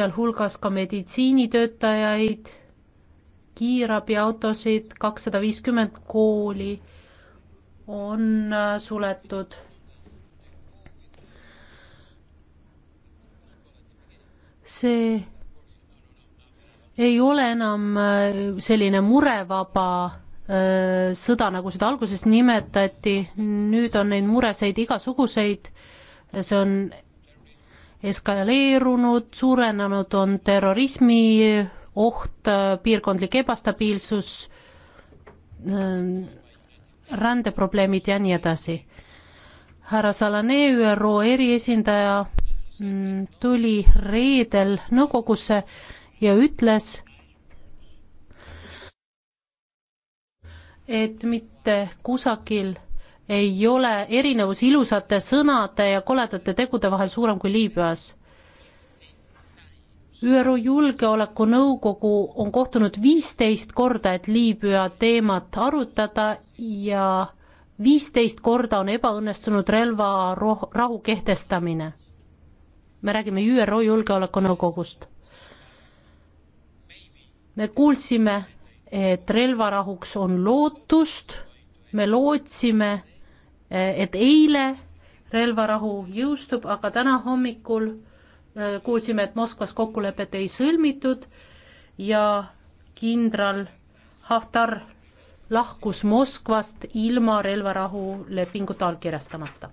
sealhulgas ka meditsiinitöötajaid, kiirabiautosid, kakssada viiskümmend kooli on äh, suletud. see ei ole enam äh, selline murevaba äh, sõda, nagu seda alguses nimetati, nüüd on neid muresid igasuguseid, see on eskaleerunud, suurenenud on terrorismi oht, piirkondlik ebastabiilsus, ähm, rändeprobleemid ja nii edasi. härra Salane, ÜRO eriesindaja, mm, tuli reedel nõukogusse ja ütles, et mitte kusagil ei ole erinevus ilusate sõnade ja koledate tegude vahel suurem kui Liibüas. ÜRO Julgeolekunõukogu on kohtunud viisteist korda, et Liibüa teemat arutada ja viisteist korda on ebaõnnestunud relvarahu kehtestamine. me räägime ÜRO Julgeolekunõukogust. me kuulsime, et relvarahuks on lootust me lootsime, Eh, et eile relvarahu jõustub, aga täna hommikul eh, kuulsime, et Moskvas kokkulepet ei sõlmitud ja kindral Haftar lahkus Moskvast ilma relvarahu lepingut allkirjastamata.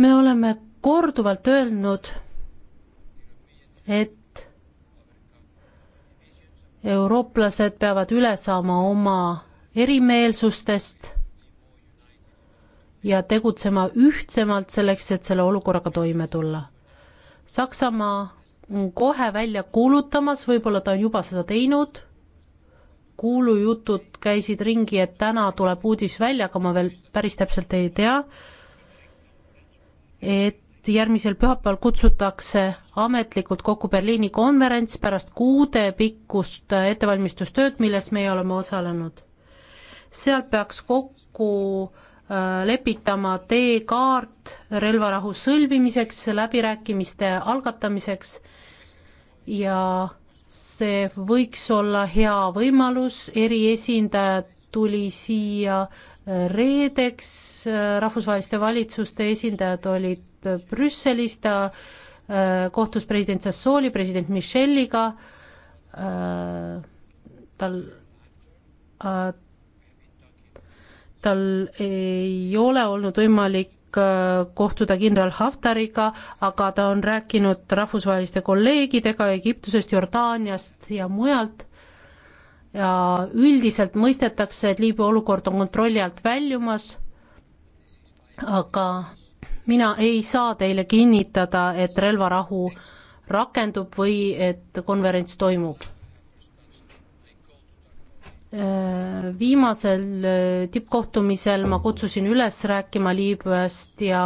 me oleme korduvalt öelnud, et eurooplased peavad üle saama oma erimeelsustest ja tegutsema ühtsemalt selleks, et selle olukorraga toime tulla. Saksamaa on kohe välja kuulutamas, võib-olla ta on juba seda teinud, kuulujutud käisid ringi, et täna tuleb uudis välja, aga ma veel päris täpselt ei tea, et järgmisel pühapäeval kutsutakse ametlikult kokku Berliini konverents pärast kuudepikkust ettevalmistustööd, milles meie oleme osalenud sealt peaks kokku äh, lepitama teekaart relvarahu sõlmimiseks, läbirääkimiste algatamiseks ja see võiks olla hea võimalus, eriesindajad tuli siia äh, reedeks, äh, rahvusvaheliste valitsuste esindajad olid Brüsselis, ta kohtus president Sassoli, president Micheliga, tal tal ei ole olnud võimalik äh, kohtuda kindral Haftariga, aga ta on rääkinud rahvusvaheliste kolleegidega Egiptusest, Jordaaniast ja mujalt ja üldiselt mõistetakse, et Liibüa olukord on kontrolli alt väljumas, aga mina ei saa teile kinnitada, et relvarahu rakendub või et konverents toimub Äh, viimasel äh, tippkohtumisel ma kutsusin üles rääkima Liibüast ja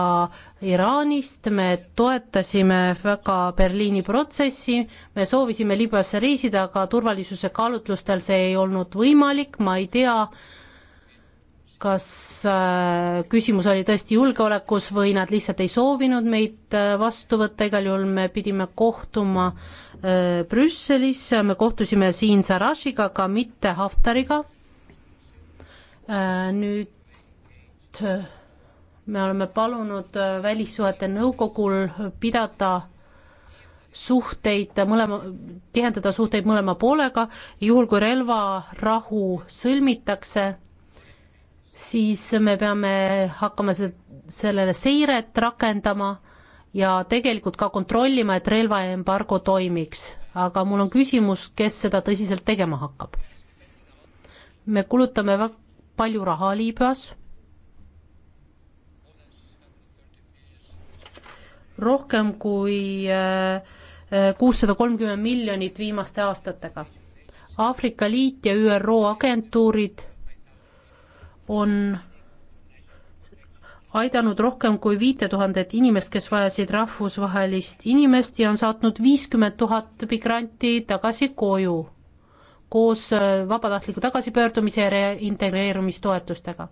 Iraanist, me toetasime väga Berliini protsessi, me soovisime Liibüasse reisida, aga turvalisuse kaalutlustel see ei olnud võimalik, ma ei tea, kas äh, küsimus oli tõesti julgeolekus või nad lihtsalt ei soovinud meid äh, vastu võtta, igal juhul me pidime kohtuma äh, Brüsselis, me kohtusime siin Sarashiga, aga mitte Haftariga. nüüd me oleme palunud Välissuhete Nõukogul pidada suhteid mõlema, tihendada suhteid mõlema poolega, juhul kui relvarahu sõlmitakse siis me peame hakkama se-, sellele seiret rakendama ja tegelikult ka kontrollima, et relvaembargo toimiks. aga mul on küsimus, kes seda tõsiselt tegema hakkab? me kulutame väga palju raha Liibüas, rohkem kui äh, äh, kuussada kolmkümmend miljonit viimaste aastatega. Aafrika Liit ja ÜRO agentuurid on aidanud rohkem kui viite tuhandet inimest, kes vajasid rahvusvahelist inimest ja on saatnud viiskümmend tuhat migranti tagasi koju koos äh, vabatahtliku tagasipöördumise ja reintegreerumistoetustega.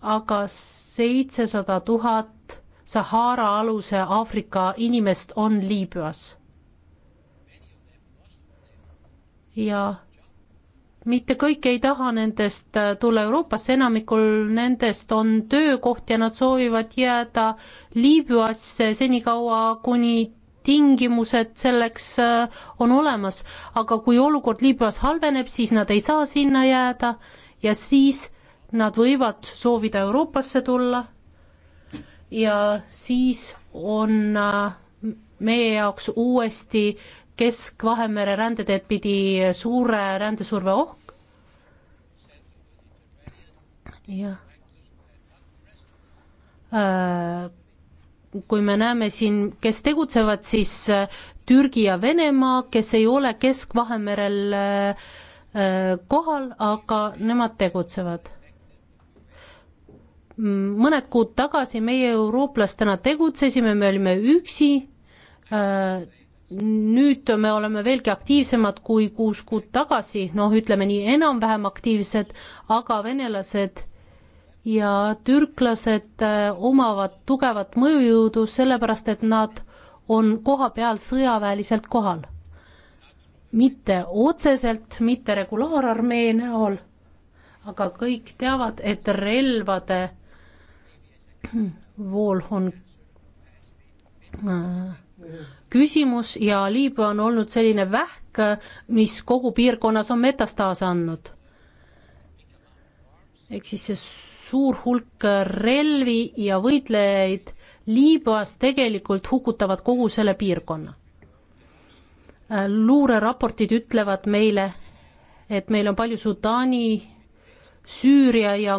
aga seitsesada tuhat Sahara aluse Aafrika inimest on Liibüas. ja mitte kõik ei taha nendest äh, tulla Euroopasse, enamikul nendest on töökoht ja nad soovivad jääda Liibüasse senikaua, kuni tingimused selleks äh, on olemas, aga kui olukord Liibüas halveneb, siis nad ei saa sinna jääda ja siis nad võivad soovida Euroopasse tulla ja siis on äh, meie jaoks uuesti Kesk-Vahemere rändeteed pidi suure rändesurve ohk. jah. Äh, kui me näeme siin, kes tegutsevad, siis äh, Türgi ja Venemaa, kes ei ole Kesk-Vahemerel äh, kohal, aga nemad tegutsevad mm, mõned kuud tagasi meie eurooplastena tegutsesime, me olime üksi äh,, nüüd me oleme veelgi aktiivsemad kui kuus kuud tagasi, noh, ütleme nii, enam-vähem aktiivsed, aga venelased ja türklased äh, omavad tugevat mõjujõudu, sellepärast et nad on kohapeal sõjaväeliselt kohal. mitte otseselt, mitte regulaararmee näol, aga kõik teavad, et relvade vool on äh, küsimus ja Liibüa on olnud selline vähk, mis kogu piirkonnas on metastaase andnud. ehk siis see suur hulk relvi ja võitlejaid Liibüas tegelikult hukutavad kogu selle piirkonna. luureraportid ütlevad meile, et meil on palju Sudaani, Süüria ja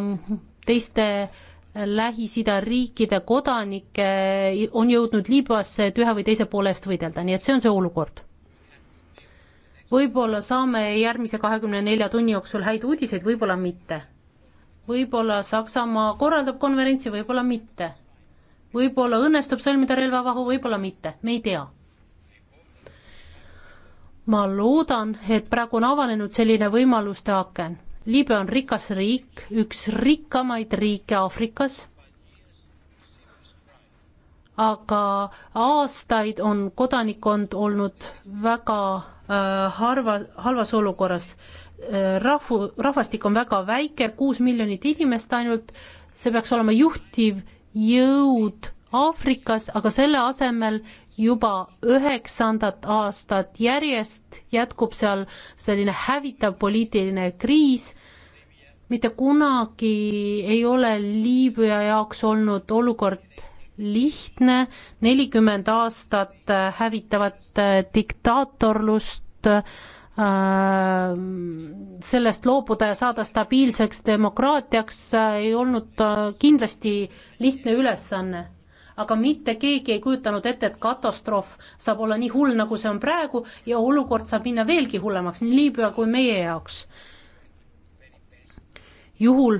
teiste äh, Lähis-Ida riikide kodanikke on jõudnud Liibüasse, et ühe või teise poole eest võidelda, nii et see on see olukord. võib-olla saame järgmise kahekümne nelja tunni jooksul häid uudiseid, võib-olla mitte. võib-olla Saksamaa korraldab konverentsi, võib-olla mitte. võib-olla õnnestub sõlmida relvavahu, võib-olla mitte, me ei tea ma loodan, et praegu on avanenud selline võimaluste aken Liibüa on rikas riik, üks rikkamaid riike Aafrikas, aga aastaid on kodanikkond olnud väga äh, harva, halvas olukorras äh,. rahvu, rahvastik on väga väike, kuus miljonit inimest ainult, see peaks olema juhtiv jõud Aafrikas, aga selle asemel juba üheksandat aastat järjest jätkub seal selline hävitav poliitiline kriis, mitte kunagi ei ole Liibüa jaoks olnud olukord lihtne, nelikümmend aastat hävitavat diktaatorlust äh,, sellest loobuda ja saada stabiilseks demokraatiaks äh, ei olnud äh, kindlasti lihtne ülesanne aga mitte keegi ei kujutanud ette, et katastroof saab olla nii hull, nagu see on praegu ja olukord saab minna veelgi hullemaks nii Liibüa kui meie jaoks. juhul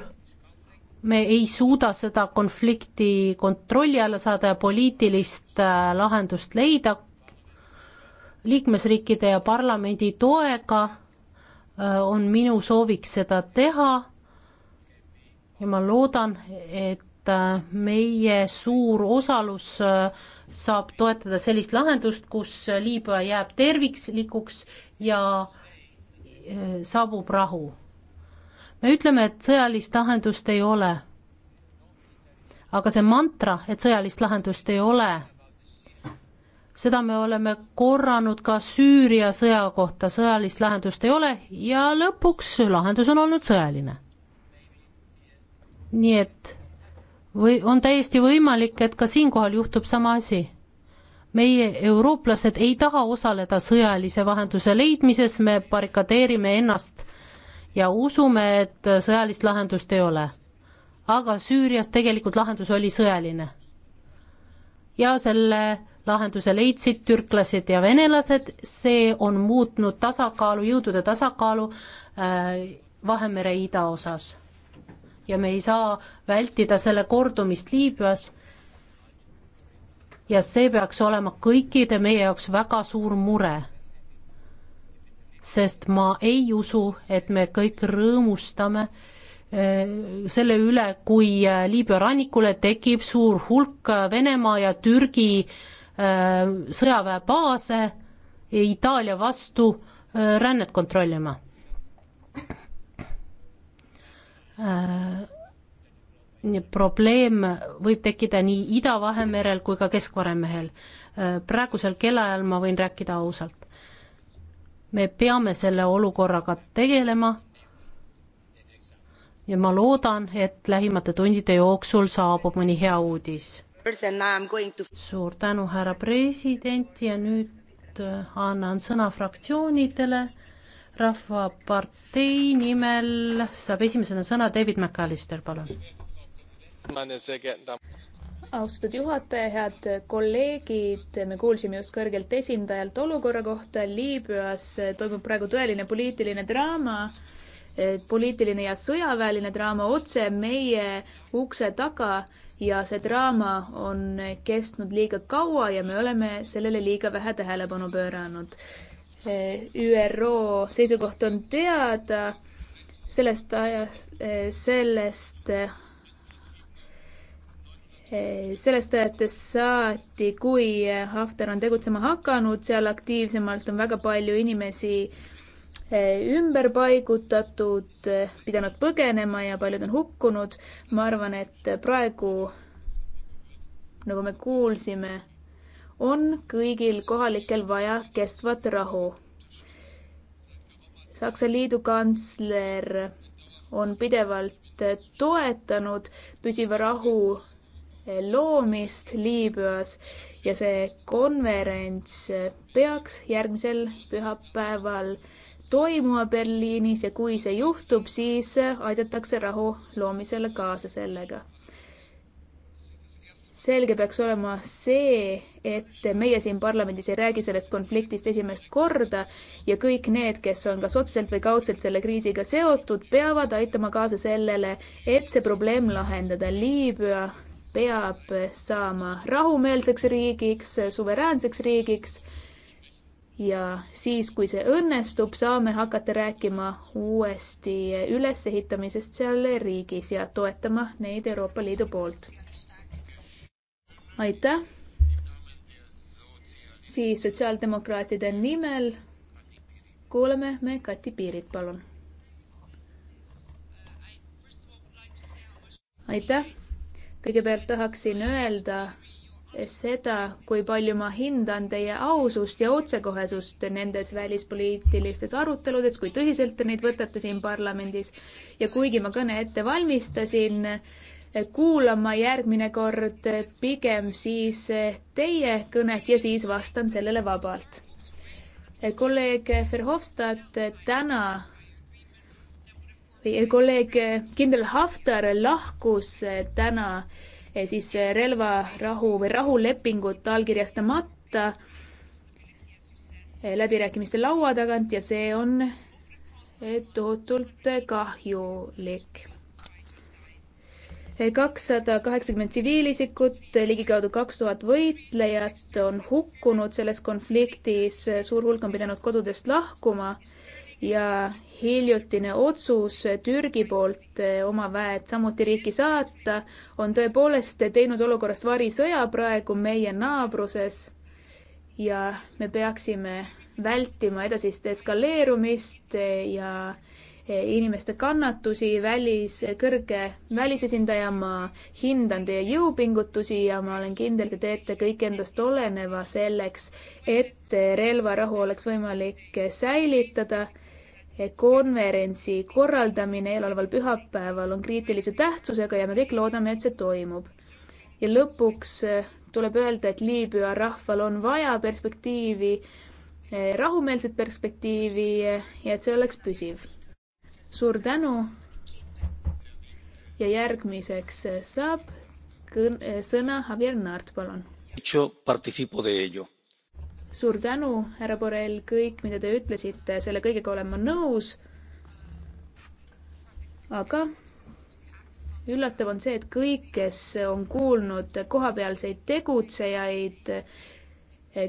me ei suuda seda konflikti kontrolli alla saada ja poliitilist äh, lahendust leida liikmesriikide ja parlamendi toega äh, on minu sooviks seda teha ja ma loodan, et et äh, meie suur osalus äh, saab toetada sellist lahendust, kus Liibüa jääb terviklikuks ja äh, saabub rahu. me ütleme, et sõjalist lahendust ei ole. aga see mantra, et sõjalist lahendust ei ole, seda me oleme korranud ka Süüria sõja kohta, sõjalist lahendust ei ole ja lõpuks lahendus on olnud sõjaline. nii et või on täiesti võimalik, et ka siinkohal juhtub sama asi. meie, eurooplased, ei taha osaleda sõjalise lahenduse leidmises, me barrikadeerime ennast ja usume, et sõjalist lahendust ei ole. aga Süürias tegelikult lahendus oli sõjaline. ja selle lahenduse leidsid türklased ja venelased, see on muutnud tasakaalu, jõudude tasakaalu äh, Vahemere idaosas ja me ei saa vältida selle kordumist Liibüas. ja see peaks olema kõikide meie jaoks väga suur mure. sest ma ei usu, et me kõik rõõmustame eh, selle üle, kui eh, Liibüa rannikule tekib suur hulk eh, Venemaa ja Türgi sõjaväebaase Itaalia vastu rännet kontrollima Äh, probleem võib tekkida nii Ida-Vahemerel kui ka Kesk-Varemehel. Äh, praegusel kellaajal ma võin rääkida ausalt. me peame selle olukorraga tegelema ja ma loodan, et lähimate tundide jooksul saabub mõni hea uudis. To... suur tänu, härra president ja nüüd äh, annan sõna fraktsioonidele rahvapartei nimel saab esimesena sõna David McAllister, palun. austatud juhataja, head kolleegid, me kuulsime just kõrgelt esindajalt olukorra kohta. Liibüas toimub praegu tõeline poliitiline draama, poliitiline ja sõjaväeline draama otse meie ukse taga ja see draama on kestnud liiga kaua ja me oleme sellele liiga vähe tähelepanu pööranud Eh, ÜRO seisukoht on teada sellest ajast, eh, sellest, eh, sellest ajatest saati, kui Haftar on tegutsema hakanud, seal aktiivsemalt on väga palju inimesi ümber paigutatud, pidanud põgenema ja paljud on hukkunud. ma arvan, et praegu, nagu me kuulsime on kõigil kohalikel vaja kestvat rahu. Saksa liidu kantsler on pidevalt toetanud püsiva rahu loomist Liibüas ja see konverents peaks järgmisel pühapäeval toimuma Berliinis ja kui see juhtub, siis aidatakse rahu loomisele kaasa sellega selge peaks olema see, et meie siin parlamendis ei räägi sellest konfliktist esimest korda ja kõik need, kes on kas otseselt või kaudselt selle kriisiga seotud, peavad aitama kaasa sellele, et see probleem lahendada. Liibüa peab saama rahumeelseks riigiks, suveräänseks riigiks. ja siis, kui see õnnestub, saame hakata rääkima uuesti ülesehitamisest seal riigis ja toetama neid Euroopa Liidu poolt aitäh. siis sotsiaaldemokraatide nimel kuulame me Kati Piirit, palun. aitäh. kõigepealt tahaksin öelda seda, kui palju ma hindan teie ausust ja otsekohesust nendes välispoliitilistes aruteludes, kui tõsiselt te neid võtate siin parlamendis. ja kuigi ma kõne ette valmistasin, kuulama järgmine kord pigem siis teie kõnet ja siis vastan sellele vabalt. kolleeg Verhofstadt täna kolleeg kindral Haftar lahkus täna eh, siis relvarahu või rahulepingut allkirjastamata eh, läbirääkimiste laua tagant ja see on eh, tohutult kahjulik kakssada kaheksakümmend tsiviilisikut, ligikaudu kaks tuhat võitlejat on hukkunud selles konfliktis, suur hulk on pidanud kodudest lahkuma ja hiljutine otsus Türgi poolt oma väed samuti riiki saata on tõepoolest teinud olukorrast varisõja praegu meie naabruses ja me peaksime vältima edasist eskaleerumist ja äh, inimeste kannatusi, välis, kõrge välisesindaja, ma hindan teie jõupingutusi ja ma olen kindel, te teete kõik endast oleneva selleks, et relvarahu oleks võimalik säilitada konverentsi korraldamine eeloleval pühapäeval on kriitilise tähtsusega ja me kõik loodame, et see toimub. ja lõpuks eh, tuleb öelda, et Liibüa rahval on vaja perspektiivi, eh, rahumeelset perspektiivi eh, ja et see oleks püsiv suur tänu. ja järgmiseks saab kõn-, sõna Javier Naart, palun. suur tänu, härra Borrell, kõik, mida te ütlesite, selle kõigega olen ma nõus. aga üllatav on see, et kõik, kes on kuulnud kohapealseid tegutsejaid,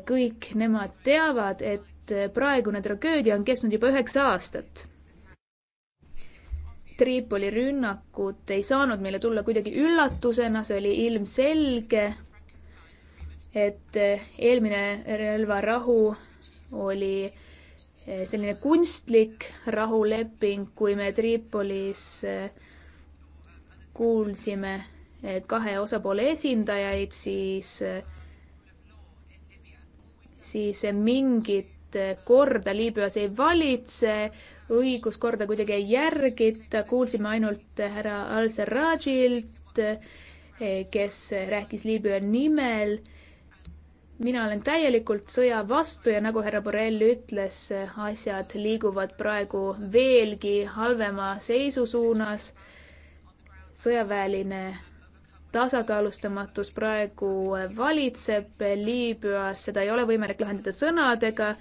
kõik nemad teavad, et praegune tragöödia on kestnud juba üheksa aastat Tripoli rünnakud ei saanud meile tulla kuidagi üllatusena, see oli ilmselge, et eh, eelmine relvarahu oli eh, selline kunstlik rahuleping, kui me Tripolis eh, kuulsime kahe osapoole esindajaid, siis, siis mingit korda Liibüas ei valitse õiguskorda kuidagi ei järgita, kuulsime ainult härra Al-Sarrajilt, kes rääkis Liibüa nimel. mina olen täielikult sõja vastu ja nagu härra Borrell ütles, asjad liiguvad praegu veelgi halvema seisu suunas. sõjaväeline tasakaalustamatus praegu valitseb Liibüas, seda ei ole võimalik lahendada sõnadega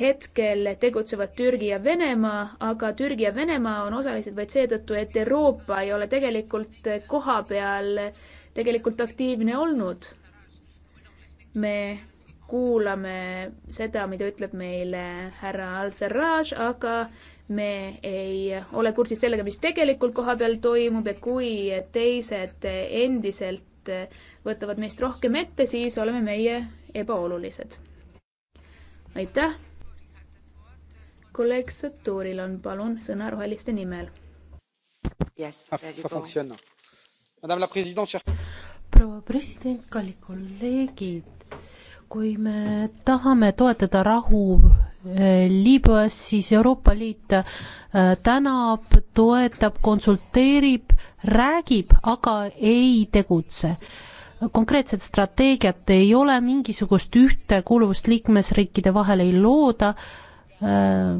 hetkel tegutsevad Türgi ja Venemaa, aga Türgi ja Venemaa on osalised vaid seetõttu, et Euroopa ei ole tegelikult koha peal tegelikult aktiivne olnud. me kuulame seda, mida ütleb meile härra Al-Sarraj, aga me ei ole kursis sellega, mis tegelikult kohapeal toimub ja kui teised endiselt võtavad meist rohkem ette, siis oleme meie ebaolulised. aitäh kolleeg Saturil on palun sõna roheliste nimel yes,. Ah, proua president, kallid kolleegid, kui me tahame toetada rahu eh, Liibüas, siis Euroopa Liit eh, tänab, toetab, konsulteerib, räägib, aga ei tegutse konkreetset strateegiat ei ole, mingisugust ühtekuuluvust liikmesriikide vahel ei looda Äh,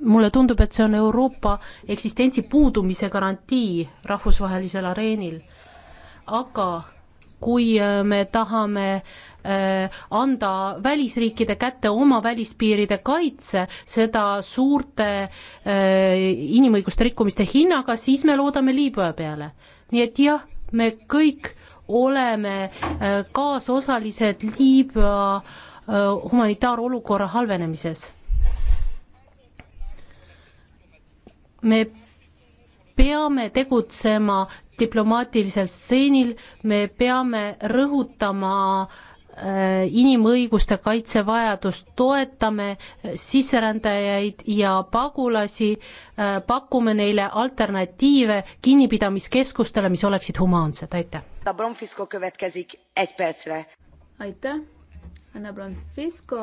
mulle tundub, et see on Euroopa eksistentsi puudumise garantii rahvusvahelisel areenil. aga kui äh, me tahame äh, anda välisriikide kätte oma välispiiride kaitse, seda suurte inimõiguste rikkumiste hinnaga, siis me loodame Liibüa peale. nii et jah, me kõik oleme kaasosalised Liibüa äh, Äh, humanitaarolukorra halvenemises. me peame tegutsema diplomaatilisel stseenil, me peame rõhutama äh, inimõiguste kaitsevajadust, toetame äh, sisserändajaid ja pagulasi, pakume neile alternatiive kinnipidamiskeskustele, mis oleksid humaansed, aitäh. aitäh Anna Blanfisco,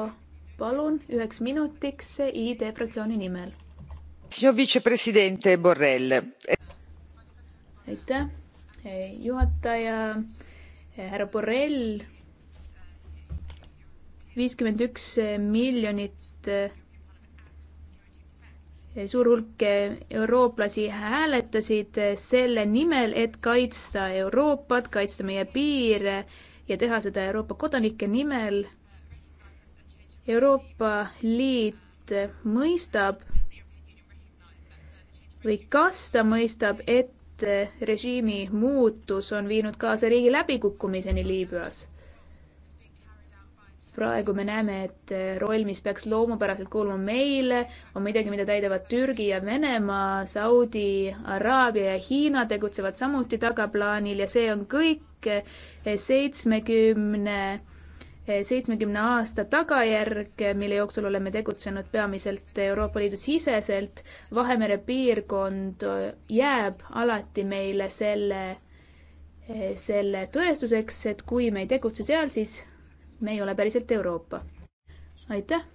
palun üheks minutiks ID fraktsiooni nimel. Eh, aitäh, eh, juhataja eh, härra Borrell. viiskümmend üks miljonit suur hulk eurooplasi hääletasid selle nimel, et kaitsta Euroopat, kaitsta meie piire ja teha seda Euroopa kodanike nimel Euroopa Liit mõistab või kas ta mõistab, et režiimi muutus on viinud kaasa riigi läbikukkumiseni Liibüas praegu me näeme, et roll, mis peaks loomupäraselt kuuluma meile, on midagi, mida täidavad Türgi ja Venemaa, Saudi Araabia ja Hiina tegutsevad samuti tagaplaanil ja see on kõik seitsmekümne 70 seitsmekümne aasta tagajärg, mille jooksul oleme tegutsenud peamiselt Euroopa Liidu siseselt. Vahemere piirkond äh, jääb alati meile selle, äh, selle tõestuseks, et kui me ei tegutse seal, siis me ei ole päriselt Euroopa. aitäh.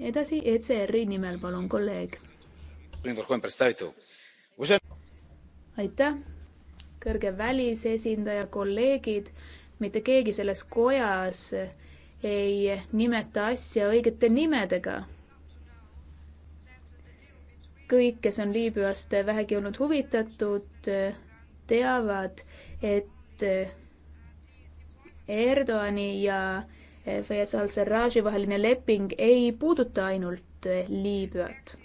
edasi ECR-i nimel, palun, kolleeg. aitäh, kõrge välisesindaja, kolleegid mitte keegi selles kojas ei nimeta asja õigete nimedega. kõik, kes on Liibüast vähegi olnud huvitatud, teavad, et Erdoani ja Fayez al-Sarraji vaheline leping ei puuduta ainult Liibüat.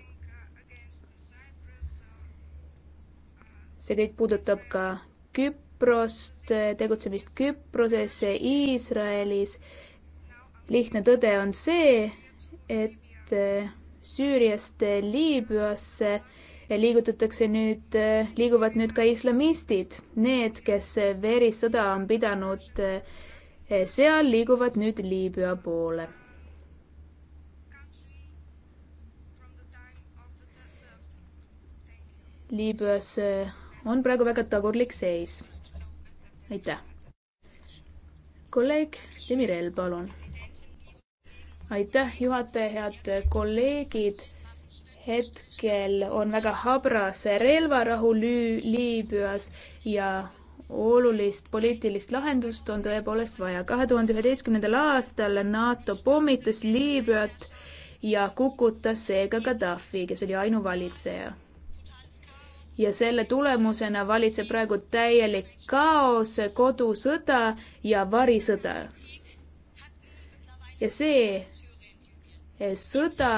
see kõik puudutab ka Küp-, Küprost, eh, tegutsemist Küproses, Iisraelis. lihtne tõde on see, et eh, Süüriast eh, Liibüasse liigutatakse nüüd, liiguvad nüüd ka islamistid. Need, kes verisõda on pidanud seal, liiguvad nüüd Liibüa poole. Liibüas on praegu väga tagurlik seis aitäh. kolleeg Demirel, palun. aitäh, juhataja, head kolleegid. hetkel on väga habras relvarahu Liibüas ja olulist poliitilist lahendust on tõepoolest vaja. kahe tuhande üheteistkümnendal aastal NATO pommitas Liibüat ja kukutas seega Gaddafi, kes oli ainuvalitseja ja selle tulemusena valitseb praegu täielik kaos, kodusõda ja varisõda. ja see eh, sõda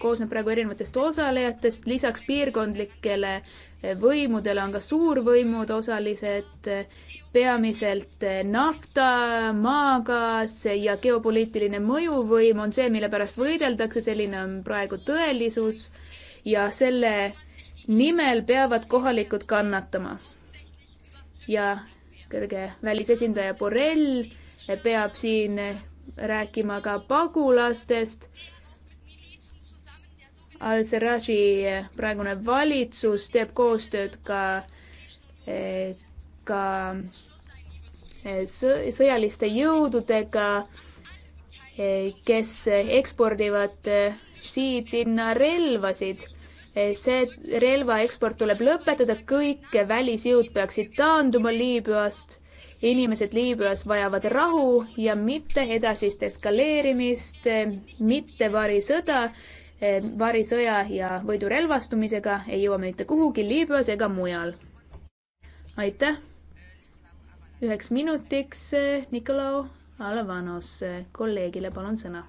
koosneb praegu erinevatest osalejatest, lisaks piirkondlikele eh, võimudele on ka suurvõimud osalised, peamiselt eh, nafta, maagaas ja geopoliitiline mõjuvõim on see, mille pärast võideldakse, selline on praegu tõelisus ja selle nimel peavad kohalikud kannatama. ja kõrge välisesindaja Borrell peab siin rääkima ka pagulastest. Al-Seraji praegune valitsus teeb koostööd ka, ka eh, sõjaliste jõududega, eh, kes ekspordivad eh, siit sinna relvasid Eh, see relvaeksport tuleb lõpetada, kõik välisjõud peaksid taanduma Liibüast. inimesed Liibüas vajavad rahu ja mitte edasist eskaleerimist, eh, mitte varisõda. Eh, varisõja ja võidurelvastumisega ei jõua me mitte kuhugi Liibüas ega mujal. aitäh. üheks minutiks Nikolai Alavanos kolleegile, palun sõna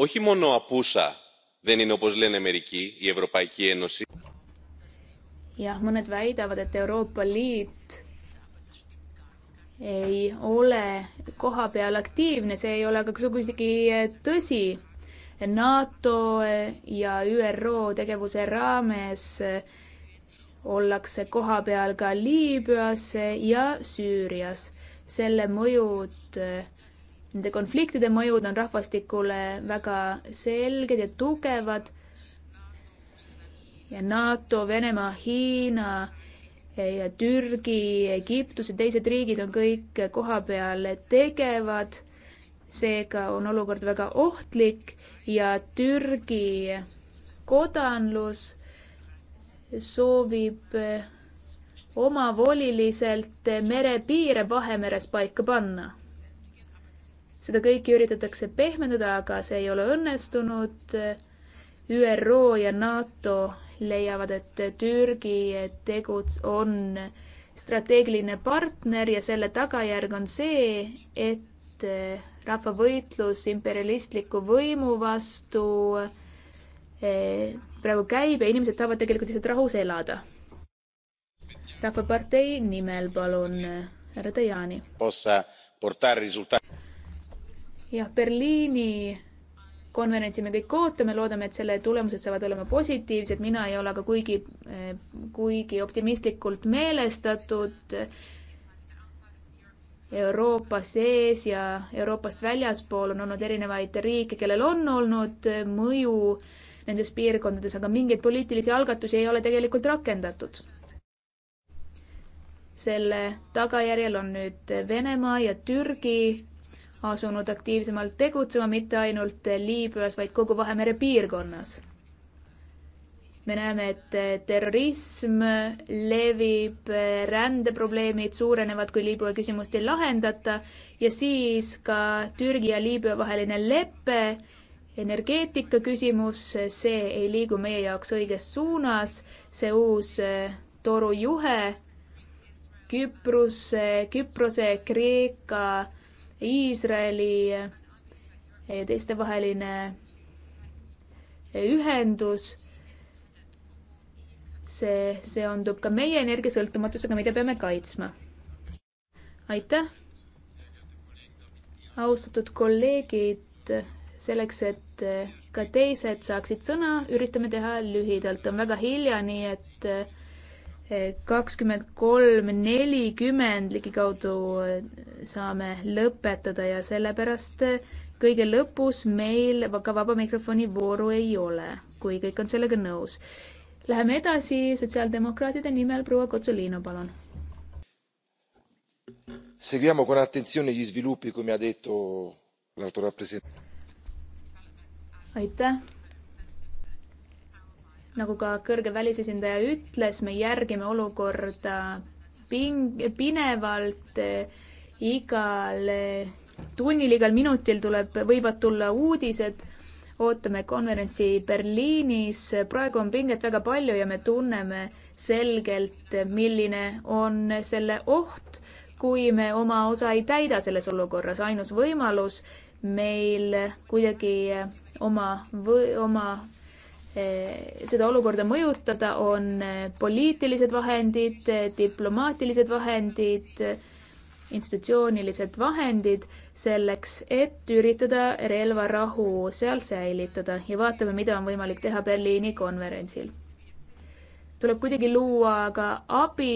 όχι μόνο απούσα δεν είναι όπως λένε μερικοί η Ευρωπαϊκή Ένωση. Jah, mõned väidavad, et Euroopa Liit ei ole koha peal aktiivne, see ei ole aga kuidagi tõsi. NATO ja ÜRO tegevuse raames ollakse koha peal ka Liibüas ja Süürias. selle mõjud Nende konfliktide mõjud on rahvastikule väga selged ja tugevad. ja NATO, Venemaa, Hiina eh, ja Türgi, Egiptus ja teised riigid on kõik kohapeal tegevad. seega on olukord väga ohtlik ja Türgi kodanlus soovib eh, omavoliliselt eh, merepiire Vahemeres paika panna seda kõike üritatakse pehmendada, aga see ei ole õnnestunud. ÜRO ja NATO leiavad, et Türgi teguts-, on strateegiline partner ja selle tagajärg on see, et rahvavõitlus imperialistliku võimu vastu eh, praegu käib ja inimesed tahavad tegelikult lihtsalt rahus elada. rahvapartei nimel palun härra Tajani jah, Berliini konverentsi me kõik ootame, loodame, et selle tulemused saavad olema positiivsed, mina ei ole aga kuigi, eh, kuigi optimistlikult meelestatud. Euroopa sees ja Euroopast väljaspool on olnud erinevaid riike, kellel on olnud eh, mõju nendes piirkondades, aga mingeid poliitilisi algatusi ei ole tegelikult rakendatud. selle tagajärjel on nüüd Venemaa ja Türgi asunud aktiivsemalt tegutsema mitte ainult Liibüas, vaid kogu Vahemere piirkonnas. me näeme, et terrorism levib, rändeprobleemid suurenevad, kui Liibüa küsimust ei lahendata ja siis ka Türgi ja Liibüa vaheline lepe, energeetika küsimus, see ei liigu meie jaoks õiges suunas, see uus eh, torujuhe, Küprose, Küprose, Kreeka Iisraeli ja teiste vaheline ühendus. see seondub ka meie energiasõltumatusega, mida peame kaitsma. aitäh. austatud kolleegid, selleks, et ka teised saaksid sõna, üritame teha lühidalt, on väga hilja, nii et kakskümmend kolm, nelikümmend ligikaudu eh, saame lõpetada ja sellepärast eh, kõige lõpus meil ka vaba mikrofoni vooru ei ole, kui kõik on sellega nõus. Läheme edasi, sotsiaaldemokraatide nimel proua Kotsolino, palun. Seguiamo con attenzione gli sviluppi, come ha detto l'alto rappresentante. aitäh nagu ka kõrge välisesindaja ütles, me järgime olukorda ping-, pinevalt igal tunnil, igal minutil tuleb, võivad tulla uudised, ootame konverentsi Berliinis, praegu on pinget väga palju ja me tunneme selgelt, milline on selle oht, kui me oma osa ei täida selles olukorras, ainus võimalus meil kuidagi oma, oma Eh, seda olukorda mõjutada, on eh, poliitilised vahendid, eh, diplomaatilised vahendid, institutsioonilised vahendid selleks, et üritada relvarahu seal säilitada ja vaatame, mida on võimalik teha Berliini konverentsil. tuleb kuidagi luua ka abi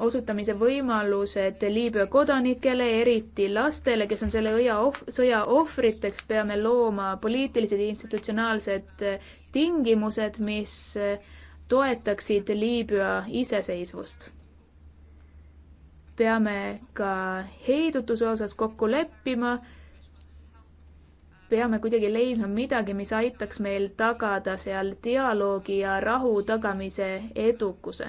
osutamise võimalused Liibüa kodanikele, eriti lastele, kes on selle õia ohv-, sõja ohvriteks, peame looma poliitilised ja institutsionaalsed eh, tingimused, mis eh, toetaksid Liibüa iseseisvust. peame ka heidutuse osas kokku leppima, peame kuidagi leidma midagi, mis aitaks meil tagada seal dialoogi ja rahu tagamise edukuse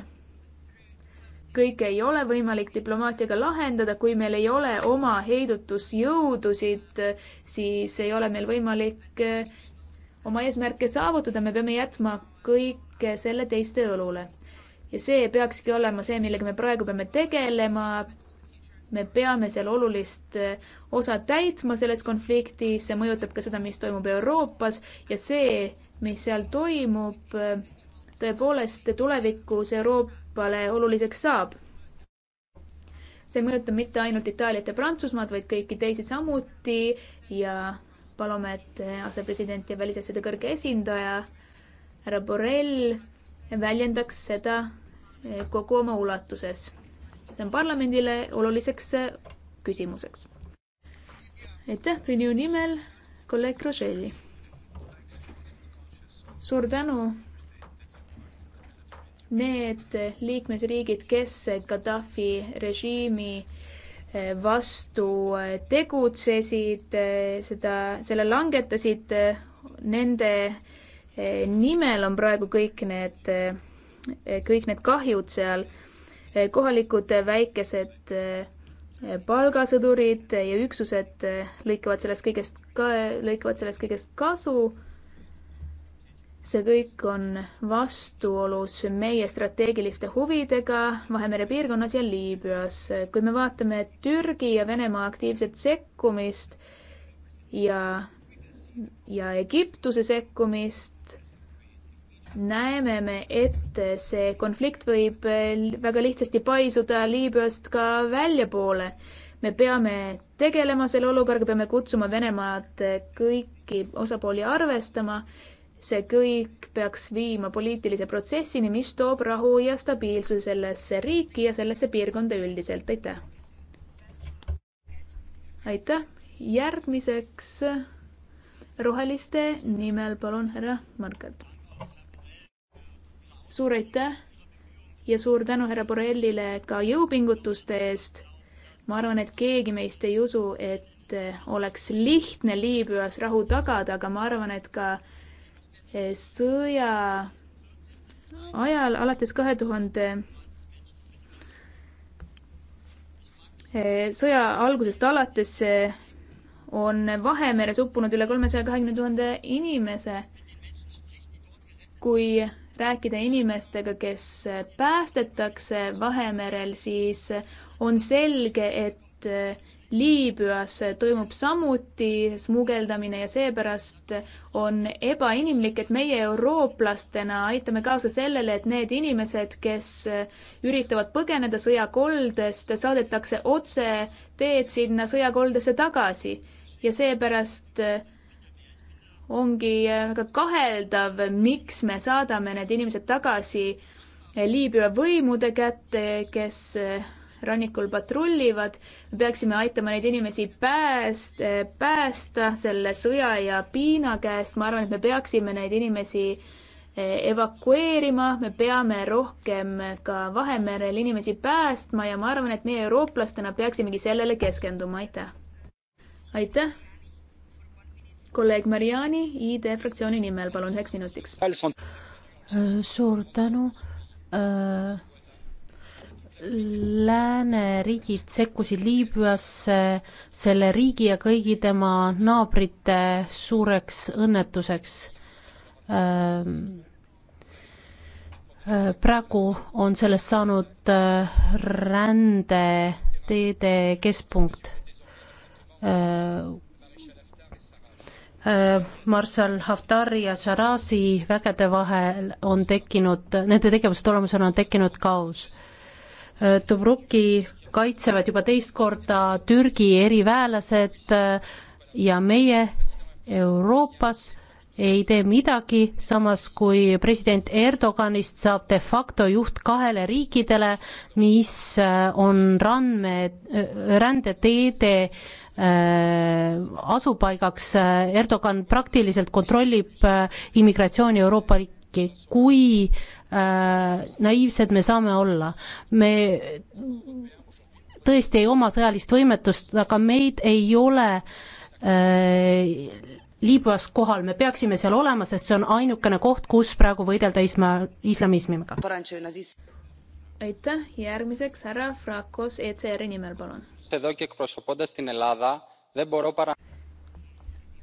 kõike ei ole võimalik diplomaatiaga lahendada, kui meil ei ole oma heidutusjõudusid, siis ei ole meil võimalik eh, oma eesmärke saavutada, me peame jätma kõike selle teiste õlule. ja see peakski olema see, millega me praegu peame tegelema. me peame seal olulist eh, osa täitma selles konfliktis, see mõjutab ka seda, mis toimub Euroopas ja see, mis seal toimub, eh, tõepoolest tulevikus Euroopa Euroopale oluliseks saab. see ei mõjuta mitte ainult Itaaliat ja Prantsusmaad, vaid kõiki teisi samuti ja palume, et asepresident ja välisasjade kõrge esindaja härra Borrell väljendaks seda eh, kogu oma ulatuses. see on parlamendile oluliseks eh, küsimuseks. aitäh Renew nimel kolleeg Rochelle. suur tänu need liikmesriigid, kes Gaddafi režiimi eh, vastu eh, tegutsesid, eh, seda, selle langetasid, nende nimel on praegu kõik need, kõik need kahjud seal. kohalikud väikesed palgasõdurid ja üksused lõikavad sellest kõigest, lõikavad sellest kõigest kasu see kõik on vastuolus meie strateegiliste huvidega Vahemere piirkonnas ja Liibüas. kui me vaatame Türgi ja Venemaa aktiivset sekkumist ja, ja Egiptuse sekkumist, näeme me, et see konflikt võib väga lihtsasti paisuda Liibüast ka väljapoole. me peame tegelema selle olukorraga, peame kutsuma Venemaad kõiki osapooli arvestama see kõik peaks viima poliitilise protsessini, mis toob rahu ja stabiilsuse sellesse riiki ja sellesse piirkonda üldiselt, aitäh! aitäh, järgmiseks roheliste nimel palun härra Markert. suur aitäh ja suur tänu härra Borrellile ka jõupingutuste eest. ma arvan, et keegi meist ei usu, et oleks lihtne Liibüas rahu tagada, aga ma arvan, et ka sõja ajal alates kahe tuhande e, sõja algusest alates e, on Vahemeres uppunud üle kolmesaja kahekümne tuhande inimese. kui rääkida inimestega, kes päästetakse Vahemerel, siis on selge, et e, Liibüas toimub samuti smugeldamine ja seepärast on ebainimlik, et meie eurooplastena aitame kaasa sellele, et need inimesed, kes üritavad põgeneda sõjakoldest, saadetakse otse teed sinna sõjakoldesse tagasi ja seepärast ongi väga kaheldav, miks me saadame need inimesed tagasi Liibüa võimude kätte, kes rannikul patrullivad, peaksime aitama neid inimesi pääst-, päästa selle sõja ja piina käest, ma arvan, et me peaksime neid inimesi e, evakueerima, me peame rohkem ka Vahemerel inimesi päästma ja ma arvan, et meie eurooplastena peaksimegi sellele keskenduma, aitäh! aitäh! kolleeg Mariani ID fraktsiooni nimel, palun üheks minutiks. suur tänu äh lääneriigid sekkusid Liibüasse selle riigi ja kõigi tema naabrite suureks õnnetuseks. Ähm, äh, praegu on sellest saanud äh, rändeteede keskpunkt. Äh, Marssal Haftari ja Sharazi vägede vahel on tekkinud, nende tegevuste tulemusena on tekkinud kaos Tobruki kaitsevad juba teist korda Türgi eriväelased äh, ja meie Euroopas ei tee midagi, samas kui president Erdoganist saab de facto juht kahele riigidele, mis äh, on randme, äh, rändeteede asupaigaks, Erdogan praktiliselt kontrollib immigratsiooni Euroopa riiki, kui Äh, naiivsed me saame olla. me tõesti ei oma sõjalist võimetust, aga meid ei ole äh, Liibüas kohal, me peaksime seal olema, sest see on ainukene koht, kus praegu võidelda isma, islamismiga. aitäh, järgmiseks härra Frakos ECR-i nimel, palun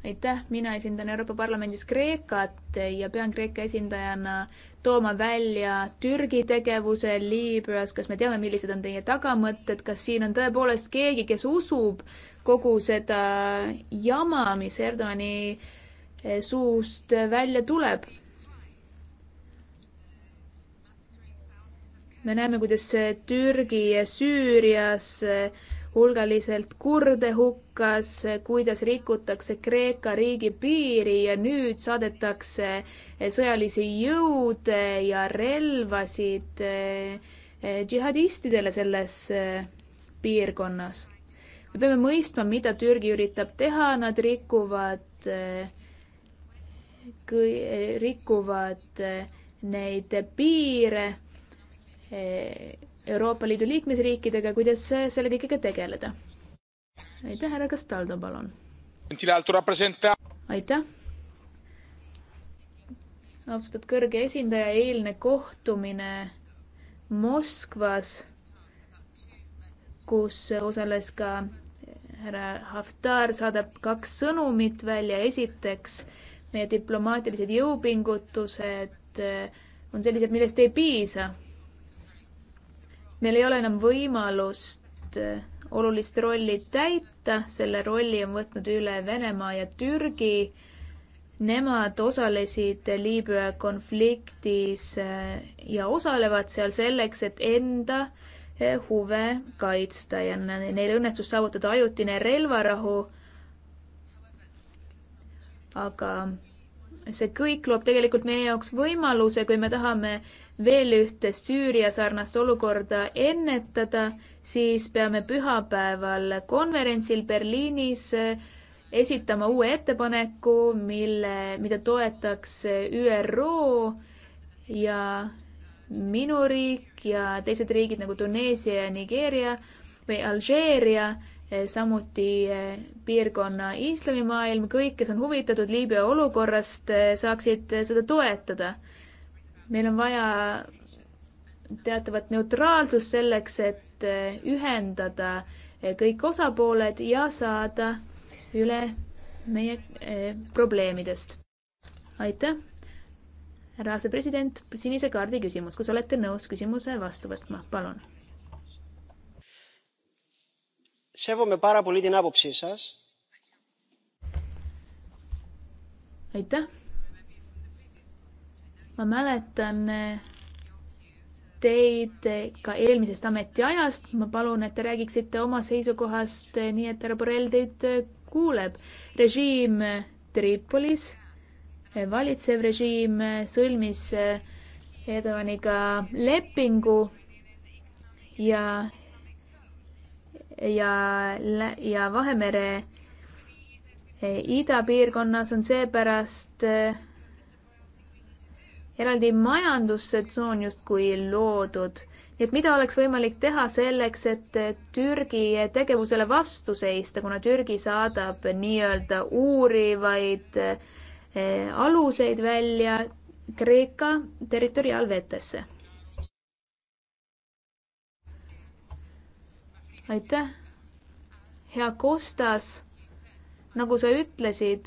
aitäh, mina esindan Euroopa Parlamendis Kreekat ja pean Kreeka esindajana tooma välja Türgi tegevuse Liibüas, kas me teame, millised on teie tagamõtted, kas siin on tõepoolest keegi, kes usub kogu seda jama, mis Erdogani eh, suust välja tuleb? me näeme, kuidas eh, Türgi Süürias eh, hulgaliselt kurde hukkas, kuidas rikutakse Kreeka riigi piiri ja nüüd saadetakse eh, sõjalisi jõude ja relvasid eh, eh, džihadistidele selles piirkonnas. me peame mõistma, mida Türgi üritab teha, nad rikuvad, rikuvad neid piire Euroopa Liidu liikmesriikidega, kuidas selle kõigega tegeleda. aitäh, härra Castaldo, palun. aitäh. austatud kõrge esindaja, eilne kohtumine Moskvas, kus osales ka härra Haftar, saadab kaks sõnumit välja. esiteks, meie diplomaatilised jõupingutused on sellised, millest ei piisa meil ei ole enam võimalust äh, olulist rolli täita, selle rolli on võtnud üle Venemaa ja Türgi. Nemad osalesid Liibüa konfliktis äh, ja osalevad seal selleks, et enda äh, huve kaitsta ja neil õnnestus saavutada ajutine relvarahu. aga see kõik loob tegelikult meie jaoks võimaluse, kui me tahame veel ühte Süüria sarnast olukorda ennetada, siis peame pühapäeval konverentsil Berliinis eh, esitama uue ettepaneku, mille, mida toetaks eh, ÜRO ja minu riik ja teised riigid nagu Tuneesia ja Nigeeria või Alžeeria Eh, samuti eh, piirkonna islamimaailm, kõik, kes on huvitatud Liibüa olukorrast, eh, saaksid seda toetada. meil on vaja teatavat neutraalsust selleks, et ühendada kõik osapooled ja saada üle meie probleemidest. aitäh, härra asepresident, sinise kaardi küsimus, kas olete nõus küsimuse vastu võtma, palun σέβομαι πάρα πολύ την άποψή σας. aitäh. ma mäletan äh, teid äh, ka eelmisest ametiajast. ma palun, et te räägiksite oma seisukohast, äh, nii et härra Borrell teid kuuleb. režiim Tripolis, valitsev režiim sõlmis Erdoganiga lepingu ja ja, ja Vahemere e, idapiirkonnas on seepärast e, eraldi majandustsoon justkui loodud. nii et mida oleks võimalik teha selleks, et Türgi tegevusele vastu seista, kuna Türgi saadab nii-öelda uurivaid e, aluseid välja Kreeka territoriaalvetesse aitäh, hea Kostas. nagu sa ütlesid,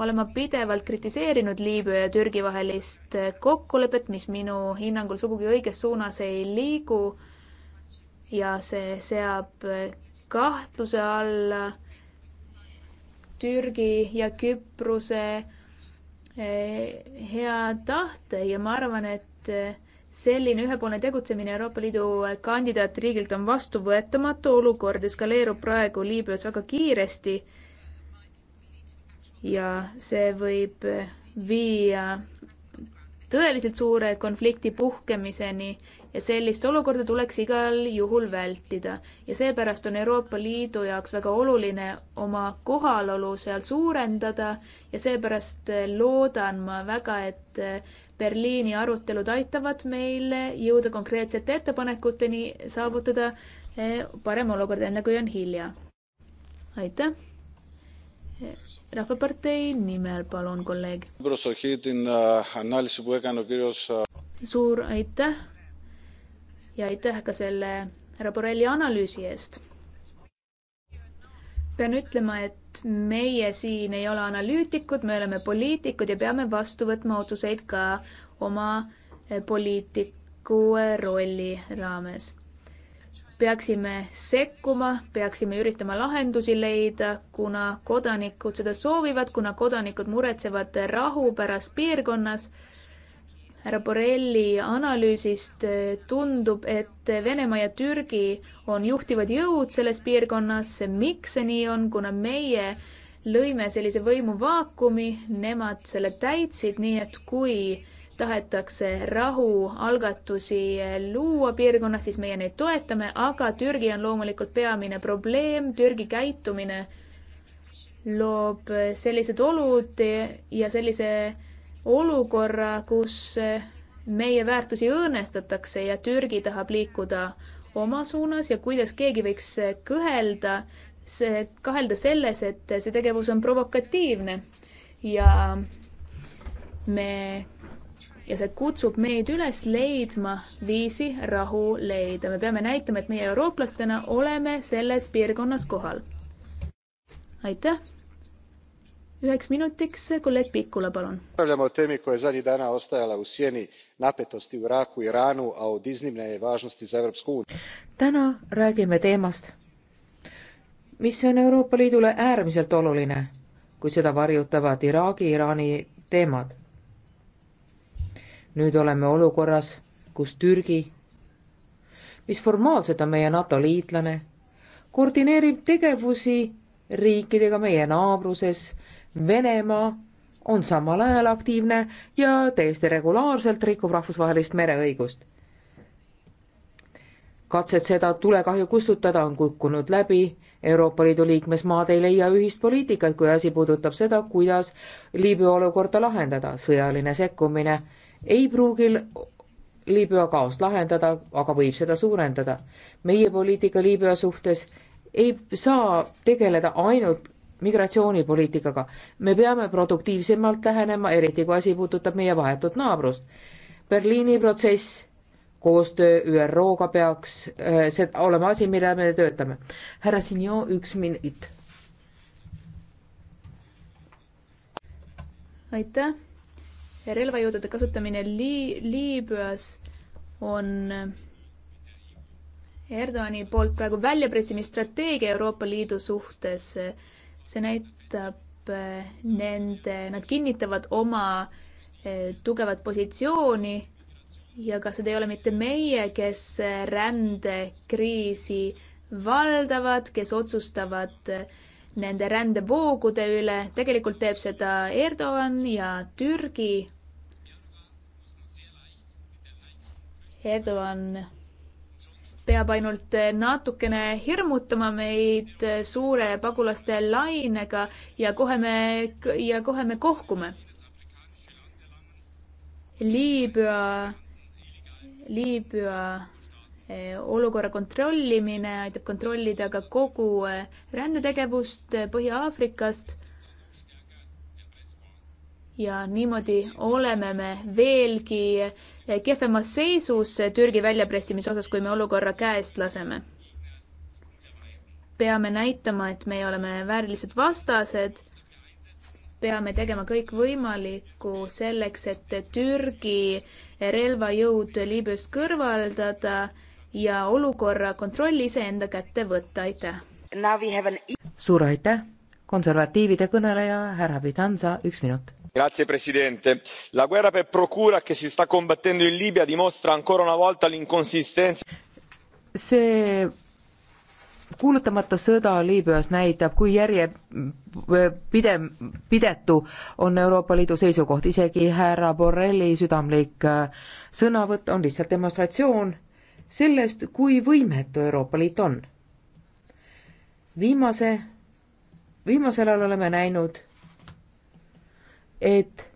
olen ma pidevalt kritiseerinud Liibüa ja Türgi vahelist kokkulepet, mis minu hinnangul sugugi õiges suunas ei liigu. ja see seab kahtluse alla Türgi ja Küprose eh, hea tahte ja ma arvan, et eh, selline ühepoolne tegutsemine Euroopa Liidu kandidaatriigilt on vastuvõetamatu, olukord eskaleerub praegu Liibüas väga kiiresti ja see võib viia tõeliselt suure konflikti puhkemiseni ja sellist olukorda tuleks igal juhul vältida. ja seepärast on Euroopa Liidu jaoks väga oluline oma kohalolu seal suurendada ja seepärast loodan ma väga, et Berliini arutelud aitavad meil jõuda konkreetsete ettepanekuteni, saavutada eh, parem olukord, enne kui on hilja. aitäh. rahvapartei nimel, palun, kolleeg. suur aitäh ja aitäh ka selle härra Borrelli analüüsi eest. pean ütlema, et meie siin ei ole analüütikud, me oleme poliitikud ja peame vastu võtma otsuseid ka oma eh, poliitiku eh, rolli raames. peaksime sekkuma, peaksime üritama lahendusi leida, kuna kodanikud seda soovivad, kuna kodanikud muretsevad rahu pärast piirkonnas härra Borrelli analüüsist eh, tundub, et Venemaa ja Türgi on juhtivad jõud selles piirkonnas. miks see nii on, kuna meie lõime sellise võimuvaakumi, nemad selle täitsid, nii et kui tahetakse rahualgatusi eh, luua piirkonnas, siis meie neid toetame, aga Türgi on loomulikult peamine probleem, Türgi käitumine loob eh, sellised olud ja sellise olukorra, kus meie väärtusi õõnestatakse ja Türgi tahab liikuda oma suunas ja kuidas keegi võiks kõhelda, see, kahelda selles, et see tegevus on provokatiivne ja me ja see kutsub meid üles leidma viisi rahu leida. me peame näitama, et meie eurooplastena oleme selles piirkonnas kohal. aitäh üheks minutiks kolleeg Pikula, palun. Raspravljamo o temi koja je zadnjih dana ostajala u sjeni napetosti u Iraku i Iraanu, a od iznimne je važnosti za Europsku uniju. täna räägime teemast, mis on Euroopa Liidule äärmiselt oluline, kui seda varjutavad Iraagi, Iraani teemad. nüüd oleme olukorras, kus Türgi, mis formaalselt on meie NATO liitlane, koordineerib tegevusi riikidega meie naabruses Venemaa on samal ajal aktiivne ja täiesti regulaarselt rikub rahvusvahelist mereõigust. katsed seda tulekahju kustutada on kukkunud läbi, Euroopa Liidu liikmesmaad ei leia ühist poliitikat, kui asi puudutab seda, kuidas Liibüa olukorda lahendada, sõjaline sekkumine ei pruugi Liibüa kaost lahendada, aga võib seda suurendada. meie poliitika Liibüa suhtes ei saa tegeleda ainult migratsioonipoliitikaga. me peame produktiivsemalt lähenema, eriti kui asi puudutab meie vahetut naabrust. Berliini protsess, koostöö ÜRO-ga peaks äh, seda, olema asi, mille me töötame. härra Signon, üks minut. aitäh. relvajõudude kasutamine Lii-, Liibüas on Erdogani poolt praegu väljapressimisstrateegia Euroopa Liidu suhtes äh, see näitab eh, nende, nad kinnitavad oma eh, tugevat positsiooni ja kas need ei ole mitte meie, kes eh, rändekriisi valdavad, kes otsustavad nende rändevoogude üle, tegelikult teeb seda Erdogan ja Türgi. Erdogan peab ainult natukene hirmutama meid suure pagulaste lainega ja kohe me, ja kohe me kohkume. Liibüa, Liibüa eh, olukorra kontrollimine aitab kontrollida ka kogu eh, rändetegevust eh, Põhja-Aafrikast ja niimoodi oleme me veelgi kehvemas seisus Türgi väljapressimise osas, kui me olukorra käest laseme. peame näitama, et me oleme väärilised vastased. peame tegema kõik võimalikku selleks, et Türgi relvajõud Liibüast kõrvaldada ja olukorra kontrolli iseenda kätte võtta. aitäh! E- suur aitäh! konservatiivide kõneleja härra Vidanza, üks minut signor presidente onorevoli colleghi la guerra per procura che si sta combattendo in libia dimostra ancora una volta l'inconsistenza. see kuulutamata sõda liibüas näitab kui järjepidev pidetu on euroopa liidu seisukoht isegi härra borrelli südamlik äh, sõnavõtt on lihtsalt demonstratsioon sellest kui võimetu euroopa liit on viimase viimasel ajal oleme näinud et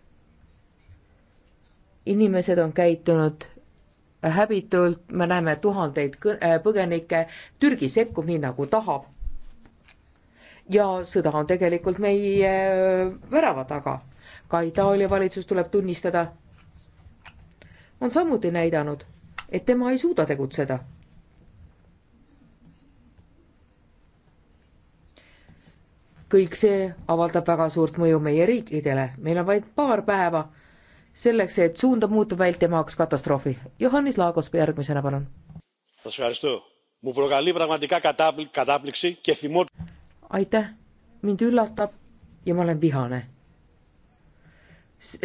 inimesed on käitunud häbitult, me näeme tuhandeid äh, põgenikke, Türgi sekkub nii, nagu tahab. ja sõda on tegelikult meie äh, värava taga. ka Itaalia valitsus, tuleb tunnistada, on samuti näidanud, et tema ei suuda tegutseda kõik see avaldab väga suurt mõju meie riikidele, meil on vaid paar päeva selleks, et suunda muuta vältimaks katastroofi. Johannes Laagos järgmisena, palun. aitäh, mind üllatab ja ma olen vihane.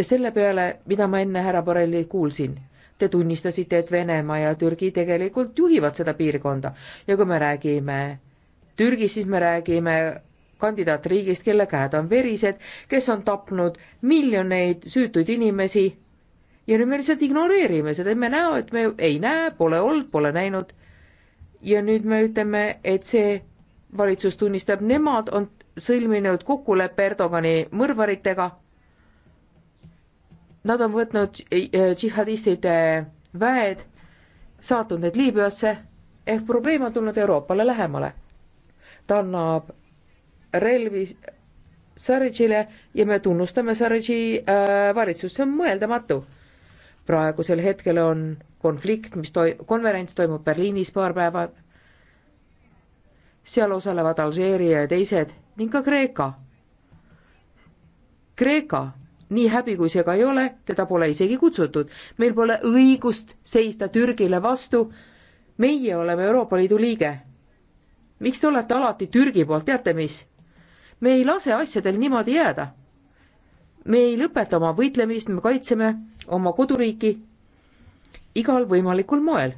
selle peale, mida ma enne härra Borrelli kuulsin, te tunnistasite, et Venemaa ja Türgi tegelikult juhivad seda piirkonda ja kui me räägime Türgist, siis me räägime kandidaatriigist, kelle käed on verised, kes on tapnud miljoneid süütuid inimesi ja nüüd me lihtsalt ignoreerime seda, me näo, et me ei näe, pole olnud, pole näinud. ja nüüd me ütleme, et see valitsus tunnistab, nemad on sõlminud kokkuleppe Erdogani mõrvaritega. Nad on võtnud eh, džihadistide väed, saatnud need Liibüasse ehk probleem on tulnud Euroopale lähemale. ta annab relvi Saridžile ja me tunnustame Saridži äh, valitsust, see on mõeldamatu. praegusel hetkel on konflikt, mis toi-, konverents toimub Berliinis paar päeva, seal osalevad Alžeeria ja teised ning ka Kreeka. Kreeka, nii häbi kui see ka ei ole, teda pole isegi kutsutud, meil pole õigust seista Türgile vastu, meie oleme Euroopa Liidu liige. miks te olete alati Türgi poolt, teate mis? me ei lase asjadel niimoodi jääda. me ei lõpeta oma võitlemist, me kaitseme oma koduriiki igal võimalikul moel.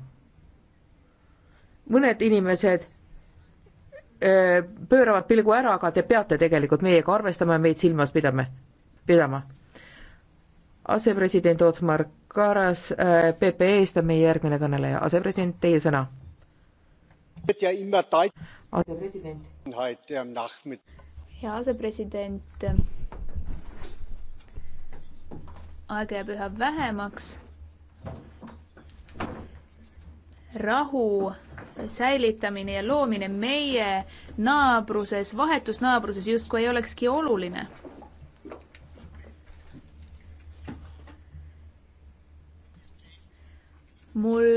mõned inimesed öö, äh, pööravad pilgu ära, aga te peate tegelikult meiega arvestama ja meid silmas pidama, pidama. asepresident Otmar Karas äh, PPE-st on meie järgmine kõneleja, asepresident, teie sõna. asepresident hea asepresident. aega jääb üha vähemaks. rahu säilitamine ja loomine meie naabruses, vahetus naabruses justkui ei olekski oluline. mul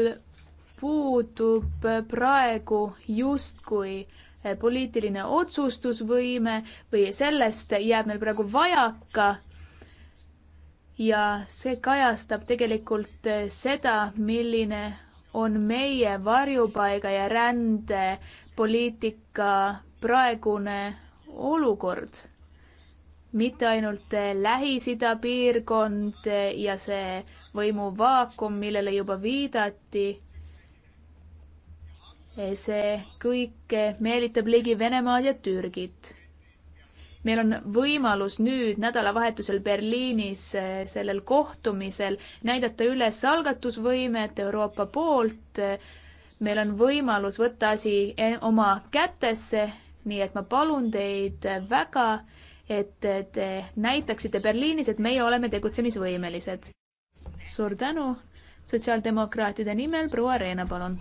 puudub praegu justkui äh, Eh, poliitiline otsustusvõime või sellest jääb meil praegu vajaka. ja see kajastab tegelikult eh, seda, milline on meie varjupaiga ja rändepoliitika praegune olukord. mitte ainult eh, Lähis-Ida piirkond ja see võimuvaakum, millele juba viidati see kõik meelitab ligi Venemaad ja Türgit. meil on võimalus nüüd nädalavahetusel Berliinis eh, sellel kohtumisel näidata üles algatusvõimet Euroopa poolt. meil on võimalus võtta asi eh, oma kätesse, nii et ma palun teid väga, et te näitaksite Berliinis, et meie oleme tegutsemisvõimelised. suur tänu sotsiaaldemokraatide nimel proua Reena, palun.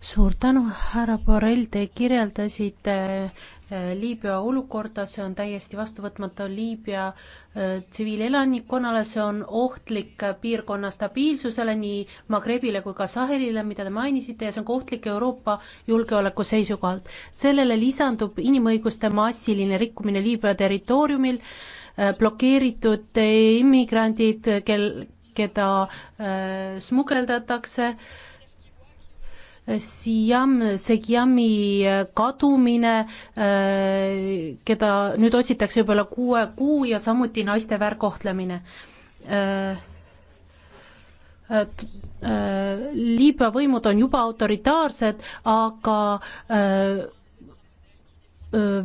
suur tänu, härra Borrell, te kirjeldasite äh, Liibüa olukorda, see on täiesti vastuvõtmatu Liibüa äh, tsiviilelanikkonnale, see on ohtlik piirkonna stabiilsusele, nii Magrebile kui ka Sahelile, mida te mainisite, ja see on ka ohtlik Euroopa julgeoleku seisukohalt. sellele lisandub inimõiguste massiline rikkumine Liibüa territooriumil, äh, blokeeritud immigrandid, kel, keda äh, smugeldatakse. Siam, Segiami kadumine, äh, keda nüüd otsitakse võib-olla kuue kuu ja samuti naiste väärkohtlemine. Äh, Liibüa võimud on juba autoritaarsed, aga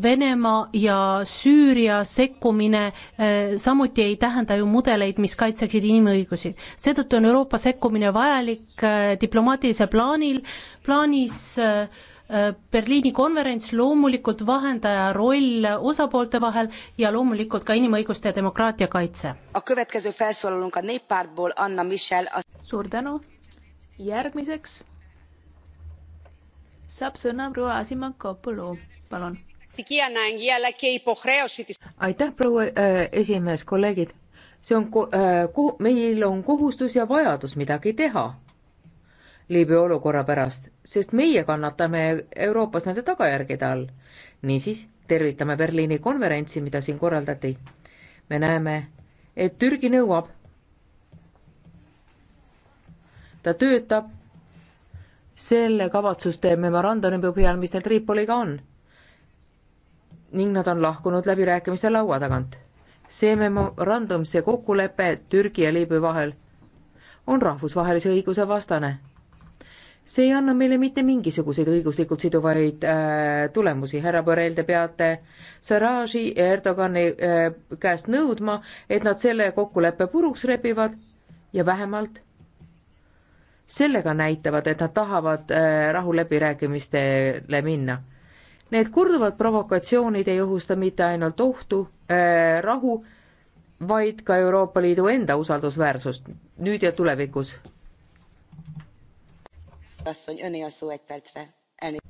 Venemaa ja Süüria sekkumine samuti ei tähenda ju mudeleid, mis kaitseksid inimõigusi. seetõttu on Euroopa sekkumine vajalik diplomaatilise plaanil, plaanis Berliini konverents, loomulikult vahendaja roll osapoolte vahel ja loomulikult ka inimõiguste ja demokraatia kaitse. suur tänu, järgmiseks saab sõna proua Asima Kopulu, palun aitäh, proua äh, esimees, kolleegid. see on, äh, meil on kohustus ja vajadus midagi teha Liibüa olukorra pärast, sest meie kannatame Euroopas nende tagajärgede all. niisiis tervitame Berliini konverentsi, mida siin korraldati. me näeme, et Türgi nõuab. ta töötab selle kavatsuste memorandumi põhjal, mis neil Tripoliga on ning nad on lahkunud läbirääkimiste laua tagant. see memorandum, see kokkulepe Türgi ja Liibüa vahel on rahvusvahelise õiguse vastane. see ei anna meile mitte mingisuguseid õiguslikult siduvaid äh, tulemusi, härra Borrell, te peate Sarajevi ja Erdogani äh, käest nõudma, et nad selle kokkuleppe puruks rebivad ja vähemalt sellega näitavad, et nad tahavad äh, rahuläbirääkimistele minna Need korduvad provokatsioonid ei ohusta mitte ainult ohtu äh,, rahu, vaid ka Euroopa Liidu enda usaldusväärsust nüüd ja tulevikus.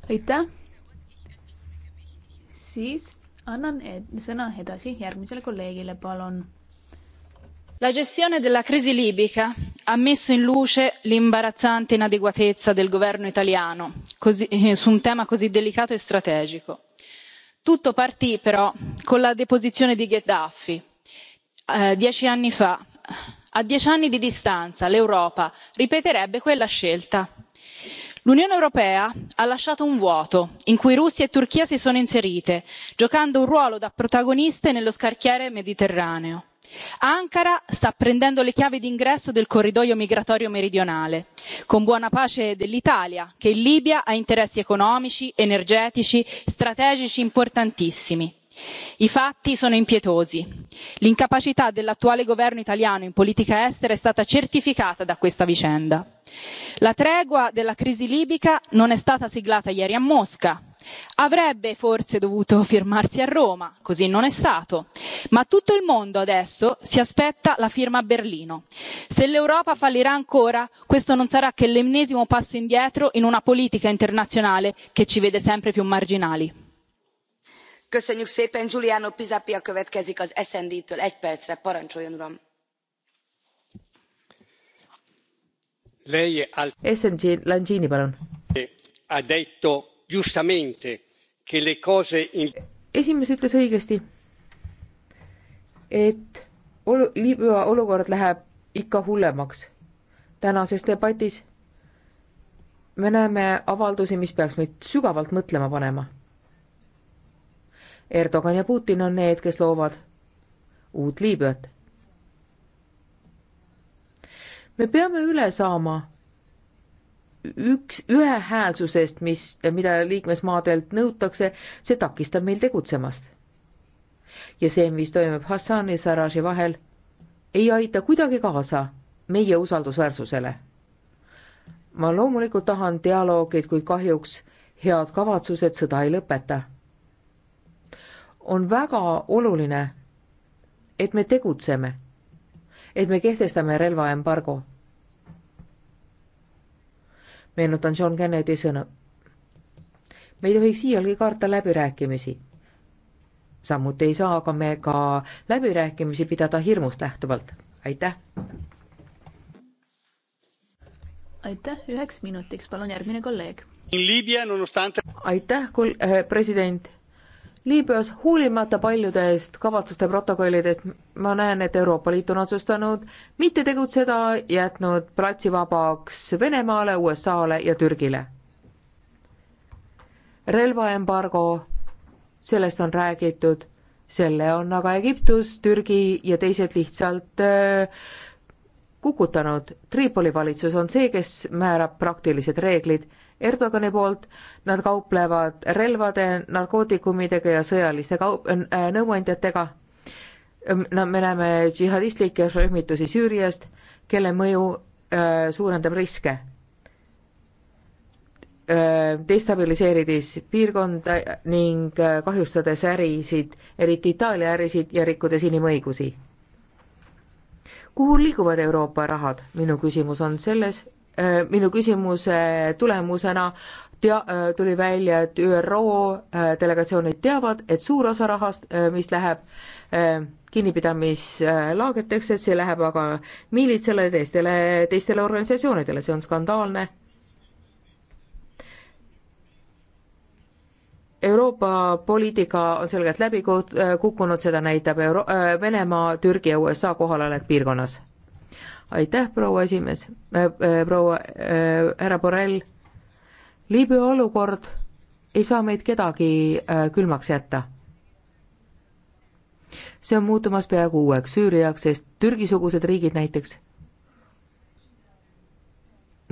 aitäh. siis annan ed sõna edasi järgmisele kolleegile, palun la gestione della crisi libica ha messo in luce l'imbarazzante inadeguatezza del governo italiano eh, su un tema così delicato e strategico. tutto partì però con la deposizione di gheddafi eh, dieci anni fa. a dieci anni di distanza l'europa ripeterebbe quella scelta. l'unione europea ha lasciato un vuoto in cui russia e turchia si sono inserite giocando un ruolo da protagoniste nello scacchiere mediterraneo ankara sta prendendo le chiavi d'ingresso del corridoio migratorio meridionale con buona pace dell'italia che in libia ha interessi economici energetici strategici importantissimi i fatti sono impietosi l'incapacità dell'attuale governo italiano in politica estera è stata certificata da questa vicenda la tregua della crisi libica non è stata siglata ieri a mosca avrebbe forse dovuto firmarsi a roma così non è stato ma tutto il mondo adesso si aspetta la firma a berlino se l'europa fallirà ancora questo non sarà che l'ennesimo passo indietro in una politica internazionale che ci vede sempre più marginali köszönjük szépen giuliano pisapia következik az sd től egy percre parancsoljon uram! sd Lantini, palun. ha detto giustamente che le cose in... esimees ütles õigesti et olu- liibüa olukord läheb ikka hullemaks tänases debatis me näeme avaldusi mis peaks meid sügavalt mõtlema panema Erdogan ja Putin on need, kes loovad uut Liibüat. me peame üle saama üks, ühehäälsusest, mis, mida liikmesmaadelt nõutakse, see takistab meil tegutsemast. ja see, mis toimub Hassani ja Sarajevi vahel, ei aita kuidagi kaasa meie usaldusväärsusele. ma loomulikult tahan dialoogi, kuid kahjuks head kavatsused sõda ei lõpeta on väga oluline, et me tegutseme, et me kehtestame relvaembargo. meenutan John Kennedy sõnu. me ei tohiks iialgi karta läbirääkimisi. samuti ei saa aga me ka läbirääkimisi pidada hirmust lähtuvalt. aitäh! aitäh, üheks minutiks, palun järgmine kolleeg. aitäh, äh, president Liibüas hoolimata paljudest kavatsuste protokollidest ma näen, et Euroopa Liit on otsustanud mitte tegutseda, jätnud platsi vabaks Venemaale, USA-le ja Türgile. relvaembargo, sellest on räägitud, selle on aga Egiptus, Türgi ja teised lihtsalt äh, kukutanud. Tripoli valitsus on see, kes määrab praktilised reeglid Erdogani poolt, nad kauplevad relvade, narkootikumidega ja sõjaliste kaup-, äh, nõuandjatega. no me näeme džihadistlikke rühmitusi Süüriast, kelle mõju äh, suurendab riske äh,. destabiliseerides piirkonda ning äh, kahjustades ärisid, eriti Itaalia ärisid ja rikkudes inimõigusi kuhu liiguvad Euroopa rahad? minu küsimus on selles, Äh, minu küsimuse tulemusena tea-, äh, tuli välja, et ÜRO äh, delegatsioonid teavad, et suur osa rahast, mis läheb kinnipidamislaagriteks, et see läheb aga miilitsale, teistele, teistele organisatsioonidele, see on skandaalne. Euroopa poliitika on selgelt läbi kukkunud, seda näitab Euro-, Venemaa, Türgi ja USA kohalolek piirkonnas aitäh, proua esimees äh, äh,, proua äh, härra Borrell. Liibüa olukord ei saa meid kedagi äh, külmaks jätta. see on muutumas peaaegu uueks Süüriaks, sest Türgi-sugused riigid näiteks.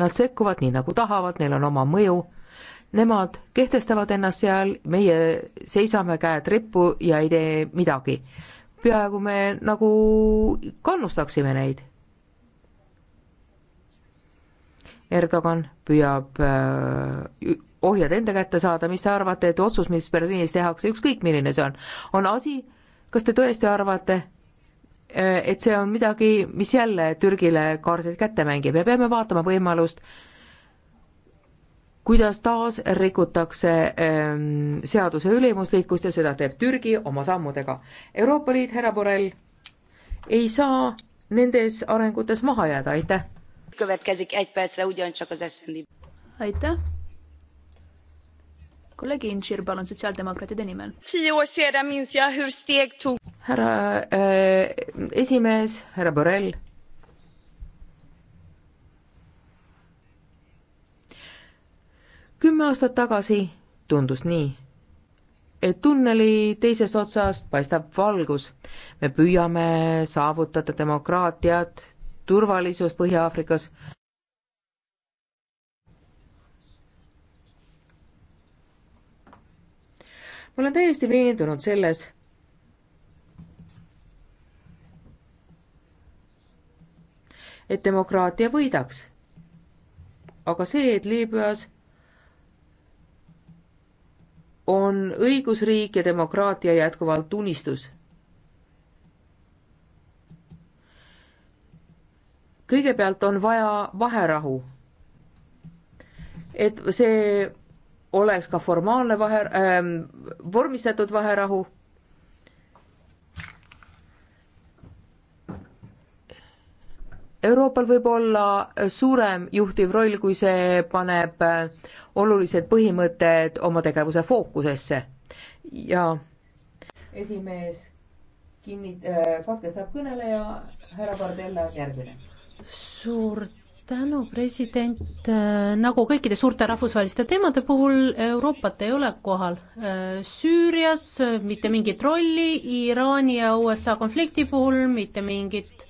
Nad sekkuvad nii, nagu tahavad, neil on oma mõju. Nemad kehtestavad ennast seal, meie seisame käed rippu ja ei tee midagi. peaaegu me nagu kannustaksime neid Erdogan püüab äh, ohjad enda kätte saada, mis te arvate, et otsus, mis Berliinis tehakse, ükskõik milline see on, on asi, kas te tõesti arvate, äh, et see on midagi, mis jälle Türgile kaardid kätte mängib ja peame vaatama võimalust, kuidas taas rikutakse ähm, seaduse ülimuslikkust ja seda teeb Türgi oma sammudega. Euroopa Liit, härra Borrell, ei saa nendes arengutes maha jääda, aitäh! következik egy percre ugyancsak az SND. aitäh. kolleeg Inšir, palun sotsiaaldemokraatide nimel. härra äh, esimees, härra Borrell kümme aastat tagasi tundus nii, et tunneli teisest otsast paistab valgus. me püüame saavutada demokraatiat, turvalisus Põhja-Aafrikas. ma olen täiesti veendunud selles, et demokraatia võidaks. aga see, et Liibüas on õigusriik ja demokraatia jätkuvalt unistus kõigepealt on vaja vaherahu. et see oleks ka formaalne vahe ähm,, vormistatud vaherahu. Euroopal võib olla suurem juhtiv roll, kui see paneb äh, olulised põhimõtted oma tegevuse fookusesse ja esimees kinni- äh,, katkestab kõneleja, härra Bardella järgmine suur tänu, president, äh, nagu kõikide suurte rahvusvaheliste teemade puhul Euroopat ei ole kohal. Äh, Süürias äh, mitte mingit rolli, Iraani ja USA konflikti puhul mitte mingit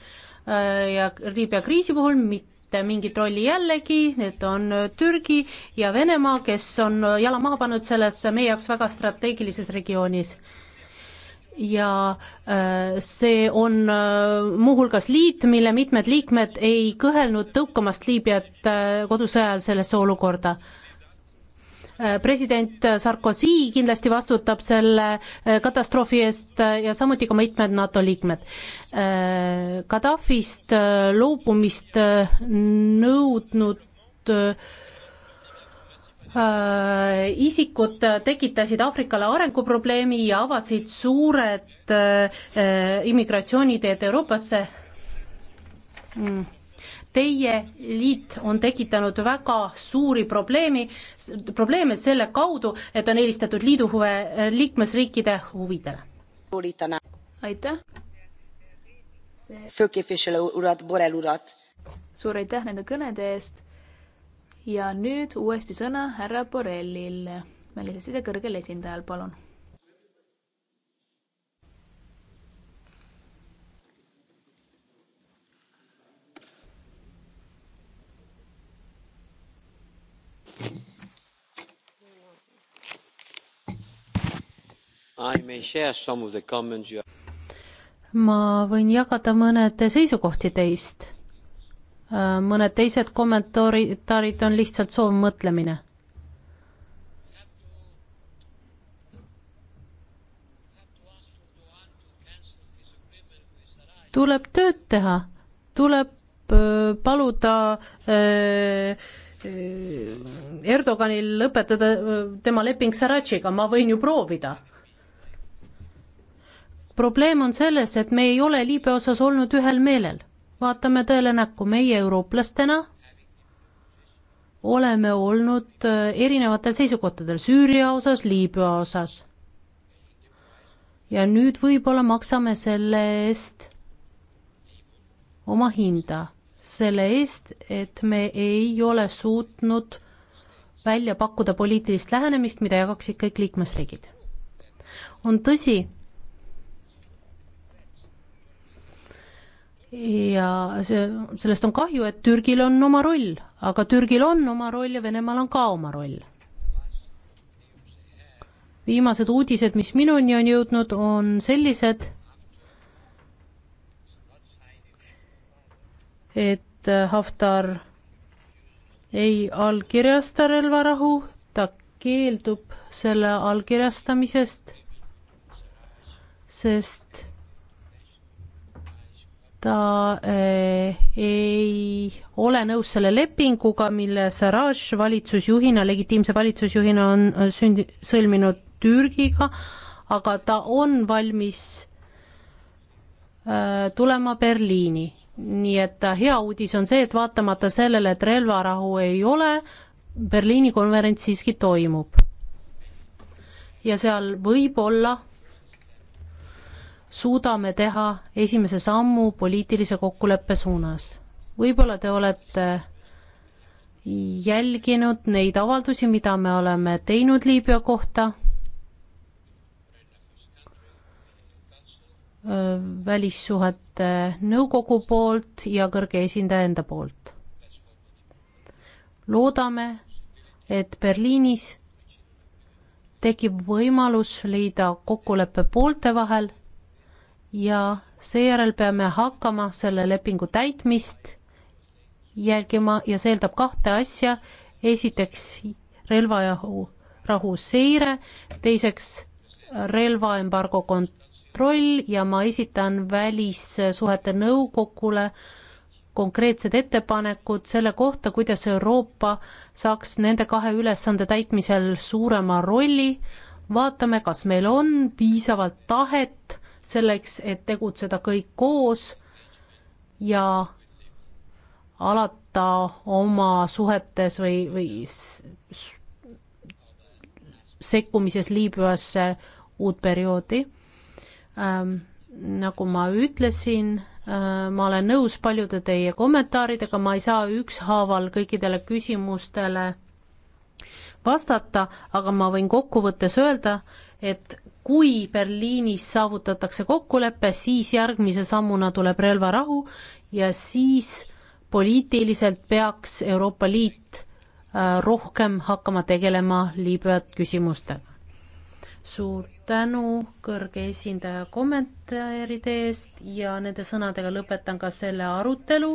ja Liibüa kriisi puhul mitte mingit rolli jällegi, need on Türgi ja Venemaa, kes on jala maha pannud selles meie jaoks väga strateegilises regioonis ja äh, see on äh, muuhulgas liit, mille mitmed liikmed ei kõhelnud tõukamast Liibüat äh, kodusõjal sellesse olukorda. president Sarkozy kindlasti vastutab selle katastroofi eest ja samuti ka mitmed NATO liikmed. Gaddafist loobumist nõudnud Äh, isikud tekitasid Aafrikale arenguprobleemi ja avasid suured äh, immigratsiooniteed Euroopasse. Mm. Teie liit on tekitanud väga suuri probleemi, probleeme selle kaudu, et on eelistatud liidu huve äh, liikmesriikide huvidele. aitäh. suur aitäh nende kõnede eest ja nüüd uuesti sõna härra Borrellil, välisasjade kõrgel esindajal, palun. ma võin jagada mõned seisukohti teist Äh, mõned teised kommentaarid on lihtsalt soovmõtlemine. tuleb tööd teha, tuleb äh, paluda äh, Erdoganil lõpetada tema leping Saratšiga, ma võin ju proovida. probleem on selles, et me ei ole Liibüa osas olnud ühel meelel vaatame tõele näkku, meie eurooplastena oleme olnud äh, erinevatel seisukohtadel Süüria osas, Liibüa osas. ja nüüd võib-olla maksame selle eest oma hinda, selle eest, et me ei ole suutnud välja pakkuda poliitilist lähenemist, mida jagaksid kõik liikmesriigid. on tõsi ja see, sellest on kahju, et Türgil on oma roll, aga Türgil on oma roll ja Venemaal on ka oma roll. viimased uudised, mis minuni on jõudnud, on sellised, et Haftar ei allkirjasta relvarahu, ta keeldub selle allkirjastamisest, sest ta eh, ei ole nõus selle lepinguga, mille Sarraj valitsusjuhina, legitiimse valitsusjuhina on eh, sündi-, sõlminud Türgiga, aga ta on valmis eh, tulema Berliini. nii et hea uudis on see, et vaatamata sellele, et relvarahu ei ole, Berliini konverents siiski toimub. ja seal võib olla suudame teha esimese sammu poliitilise kokkuleppe suunas. võib-olla te olete jälginud neid avaldusi, mida me oleme teinud Liibüa kohta, välissuhete nõukogu poolt ja kõrge esindaja enda poolt. loodame, et Berliinis tekib võimalus leida kokkulepe poolte vahel ja seejärel peame hakkama selle lepingu täitmist jälgima ja see eeldab kahte asja, esiteks relvarahu rahu seire, teiseks relvaembargo kontroll ja ma esitan Välissuhete Nõukogule konkreetsed ettepanekud selle kohta, kuidas Euroopa saaks nende kahe ülesande täitmisel suurema rolli, vaatame, kas meil on piisavalt tahet selleks, et tegutseda kõik koos ja alata oma suhetes või, või sekkumises Liibüasse uut perioodi ähm,. nagu ma ütlesin äh,, ma olen nõus paljude teie kommentaaridega, ma ei saa ükshaaval kõikidele küsimustele vastata, aga ma võin kokkuvõttes öelda, et kui Berliinis saavutatakse kokkulepe, siis järgmise sammuna tuleb relvarahu ja siis poliitiliselt peaks Euroopa Liit äh, rohkem hakkama tegelema Liibüa küsimustega. suur tänu kõrge esindaja kommentaaride eest ja nende sõnadega lõpetan ka selle arutelu